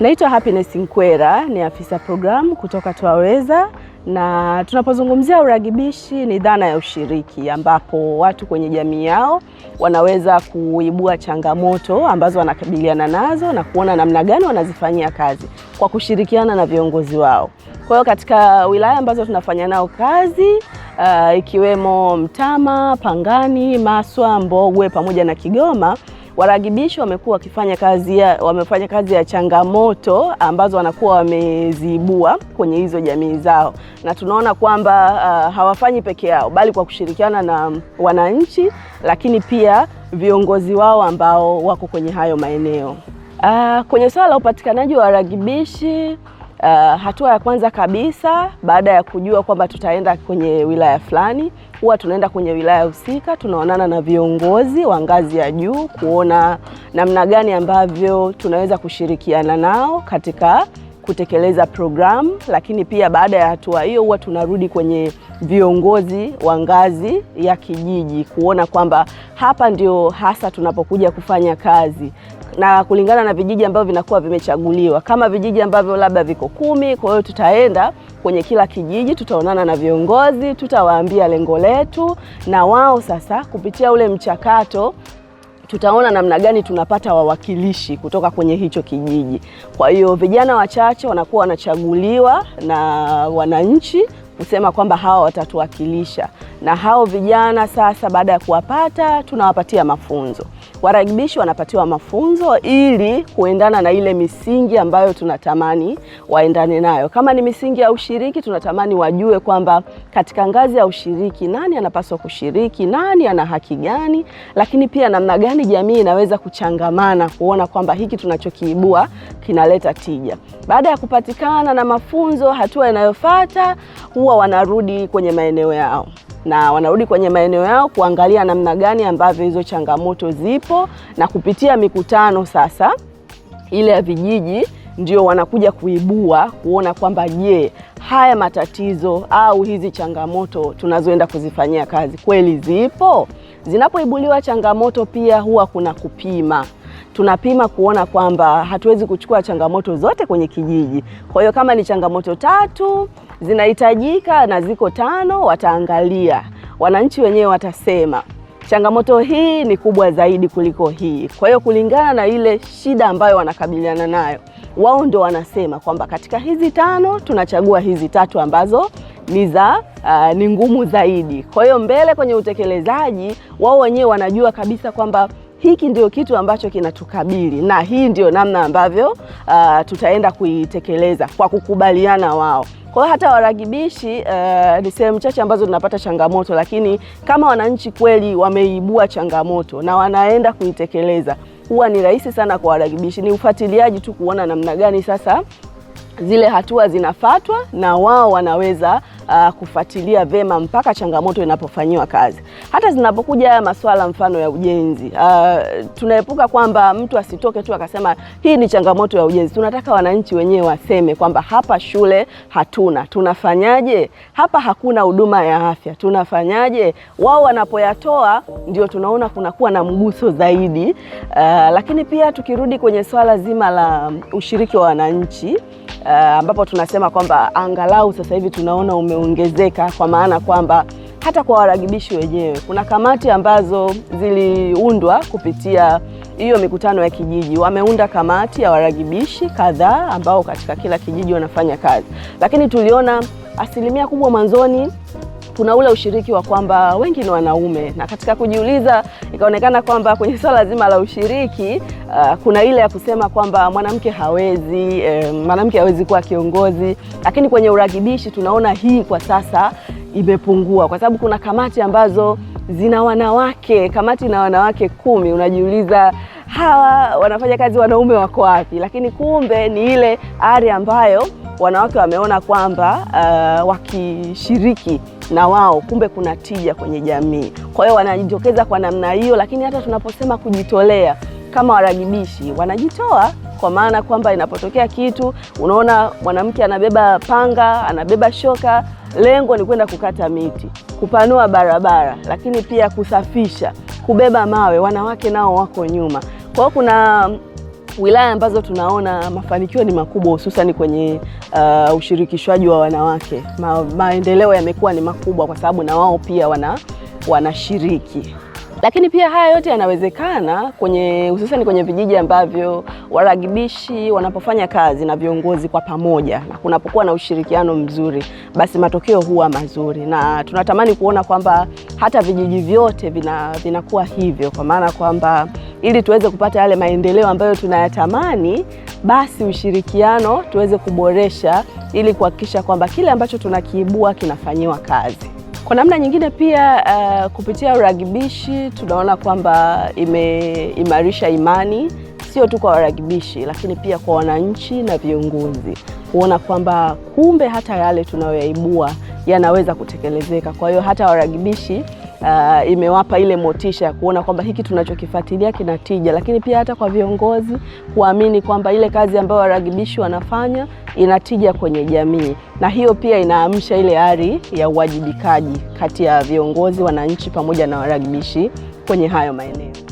Naitwa Happiness Nkwera, ni afisa programu kutoka Twaweza, na tunapozungumzia uragibishi ni dhana ya ushiriki ambapo watu kwenye jamii yao wanaweza kuibua changamoto ambazo wanakabiliana nazo na kuona namna gani wanazifanyia kazi kwa kushirikiana na viongozi wao. Kwa hiyo katika wilaya ambazo tunafanya nao kazi uh, ikiwemo Mtama, Pangani, Maswa, Mbogwe pamoja na Kigoma Waragibishi wamekuwa wakifanya kazi ya, wamefanya kazi ya changamoto ambazo wanakuwa wameziibua kwenye hizo jamii zao, na tunaona kwamba uh, hawafanyi peke yao, bali kwa kushirikiana na wananchi, lakini pia viongozi wao ambao wako kwenye hayo maeneo. Uh, kwenye swala la upatikanaji wa waragibishi Uh, hatua ya kwanza kabisa baada ya kujua kwamba tutaenda kwenye wilaya fulani, huwa tunaenda kwenye wilaya husika, tunaonana na viongozi wa ngazi ya juu kuona namna gani ambavyo tunaweza kushirikiana nao katika kutekeleza programu, lakini pia baada ya hatua hiyo huwa tunarudi kwenye viongozi wa ngazi ya kijiji kuona kwamba hapa ndio hasa tunapokuja kufanya kazi na kulingana na vijiji ambavyo vinakuwa vimechaguliwa kama vijiji ambavyo labda viko kumi. Kwa hiyo tutaenda kwenye kila kijiji, tutaonana na viongozi, tutawaambia lengo letu, na wao sasa kupitia ule mchakato tutaona namna gani tunapata wawakilishi kutoka kwenye hicho kijiji. Kwa hiyo vijana wachache wanakuwa wanachaguliwa na wananchi kusema kwamba hawa watatuwakilisha, na hao vijana sasa, baada ya kuwapata, tunawapatia mafunzo. Waragibishi wanapatiwa mafunzo ili kuendana na ile misingi ambayo tunatamani waendane nayo. Kama ni misingi ya ushiriki, tunatamani wajue kwamba katika ngazi ya ushiriki, nani anapaswa kushiriki, nani ana haki gani, lakini pia namna gani jamii inaweza kuchangamana kuona kwamba hiki tunachokiibua kinaleta tija. Baada ya kupatikana na mafunzo, hatua inayofuata huwa wanarudi kwenye maeneo yao na wanarudi kwenye maeneo yao kuangalia namna gani ambavyo hizo changamoto zipo, na kupitia mikutano sasa ile ya vijiji ndio wanakuja kuibua kuona kwamba je, haya matatizo au hizi changamoto tunazoenda kuzifanyia kazi kweli zipo. Zinapoibuliwa changamoto, pia huwa kuna kupima tunapima kuona kwamba hatuwezi kuchukua changamoto zote kwenye kijiji. Kwa hiyo kama ni changamoto tatu zinahitajika na ziko tano, wataangalia wananchi wenyewe watasema changamoto hii ni kubwa zaidi kuliko hii. Kwa hiyo kulingana na ile shida ambayo wanakabiliana nayo, wao ndo wanasema kwamba katika hizi tano tunachagua hizi tatu ambazo ni za uh, ni ngumu zaidi. Kwa hiyo mbele kwenye utekelezaji, wao wenyewe wanajua kabisa kwamba hiki ndio kitu ambacho kinatukabili na hii ndio namna ambavyo uh, tutaenda kuitekeleza kwa kukubaliana wao. Kwa hata waragibishi uh, ni sehemu chache ambazo tunapata changamoto, lakini kama wananchi kweli wameibua changamoto na wanaenda kuitekeleza, huwa ni rahisi sana kwa waragibishi. Ni ufuatiliaji tu kuona namna gani sasa zile hatua zinafatwa na wao wanaweza uh, kufuatilia vema mpaka changamoto inapofanyiwa kazi. Hata zinapokuja haya masuala mfano ya ujenzi uh, tunaepuka kwamba mtu asitoke tu akasema hii ni changamoto ya ujenzi. Tunataka wananchi wenyewe waseme kwamba hapa shule hatuna, tunafanyaje? Hapa hakuna huduma ya afya, tunafanyaje? Wao wanapoyatoa ndio tunaona kunakuwa na mguso zaidi. Uh, lakini pia tukirudi kwenye swala zima la ushiriki wa wananchi uh, ambapo tunasema kwamba angalau sasa hivi tunaona ume imeongezeka kwa maana kwamba hata kwa waragibishi wenyewe kuna kamati ambazo ziliundwa kupitia hiyo mikutano ya kijiji. Wameunda kamati ya waragibishi kadhaa ambao katika kila kijiji wanafanya kazi, lakini tuliona asilimia kubwa mwanzoni kuna ule ushiriki wa kwamba wengi ni wanaume, na katika kujiuliza ikaonekana kwamba kwenye swala zima la ushiriki uh, kuna ile ya kusema kwamba mwanamke hawezi eh, mwanamke hawezi kuwa kiongozi, lakini kwenye urakibishi tunaona hii kwa sasa imepungua kwa sababu kuna kamati ambazo zina wanawake, kamati na wanawake kumi. Unajiuliza hawa wanafanya kazi, wanaume wako wapi? Lakini kumbe ni ile ari ambayo wanawake wameona kwamba uh, wakishiriki na wao kumbe kuna tija kwenye jamii. Kwa hiyo wanajitokeza kwa namna hiyo, lakini hata tunaposema kujitolea kama waragibishi wanajitoa kwa maana kwamba inapotokea kitu, unaona mwanamke anabeba panga, anabeba shoka, lengo ni kwenda kukata miti, kupanua barabara, lakini pia kusafisha, kubeba mawe. Wanawake nao wako nyuma. Kwa hiyo kuna wilaya ambazo tunaona mafanikio ni makubwa hususan kwenye uh, ushirikishwaji wa wanawake ma, maendeleo yamekuwa ni makubwa kwa sababu na wao pia wana wanashiriki lakini pia haya yote yanawezekana kwenye hususani kwenye vijiji ambavyo waragibishi wanapofanya kazi na viongozi kwa pamoja na kunapokuwa na ushirikiano mzuri, basi matokeo huwa mazuri, na tunatamani kuona kwamba hata vijiji vyote vina, vinakuwa hivyo, kwa maana kwamba ili tuweze kupata yale maendeleo ambayo tunayatamani, basi ushirikiano tuweze kuboresha ili kuhakikisha kwamba kile ambacho tunakiibua kinafanyiwa kazi. Kwa namna nyingine pia uh, kupitia uragibishi tunaona kwamba imeimarisha imani sio tu kwa waragibishi, lakini pia kwa wananchi na viongozi kuona kwamba kumbe hata yale tunayoyaibua yanaweza kutekelezeka. Kwa hiyo hata waragibishi uh, imewapa ile motisha ya kuona kwamba hiki tunachokifuatilia kina tija, lakini pia hata kwa viongozi kuamini kwamba ile kazi ambayo waragibishi wanafanya inatija kwenye jamii, na hiyo pia inaamsha ile ari ya uwajibikaji kati ya viongozi, wananchi pamoja na waragibishi kwenye hayo maeneo.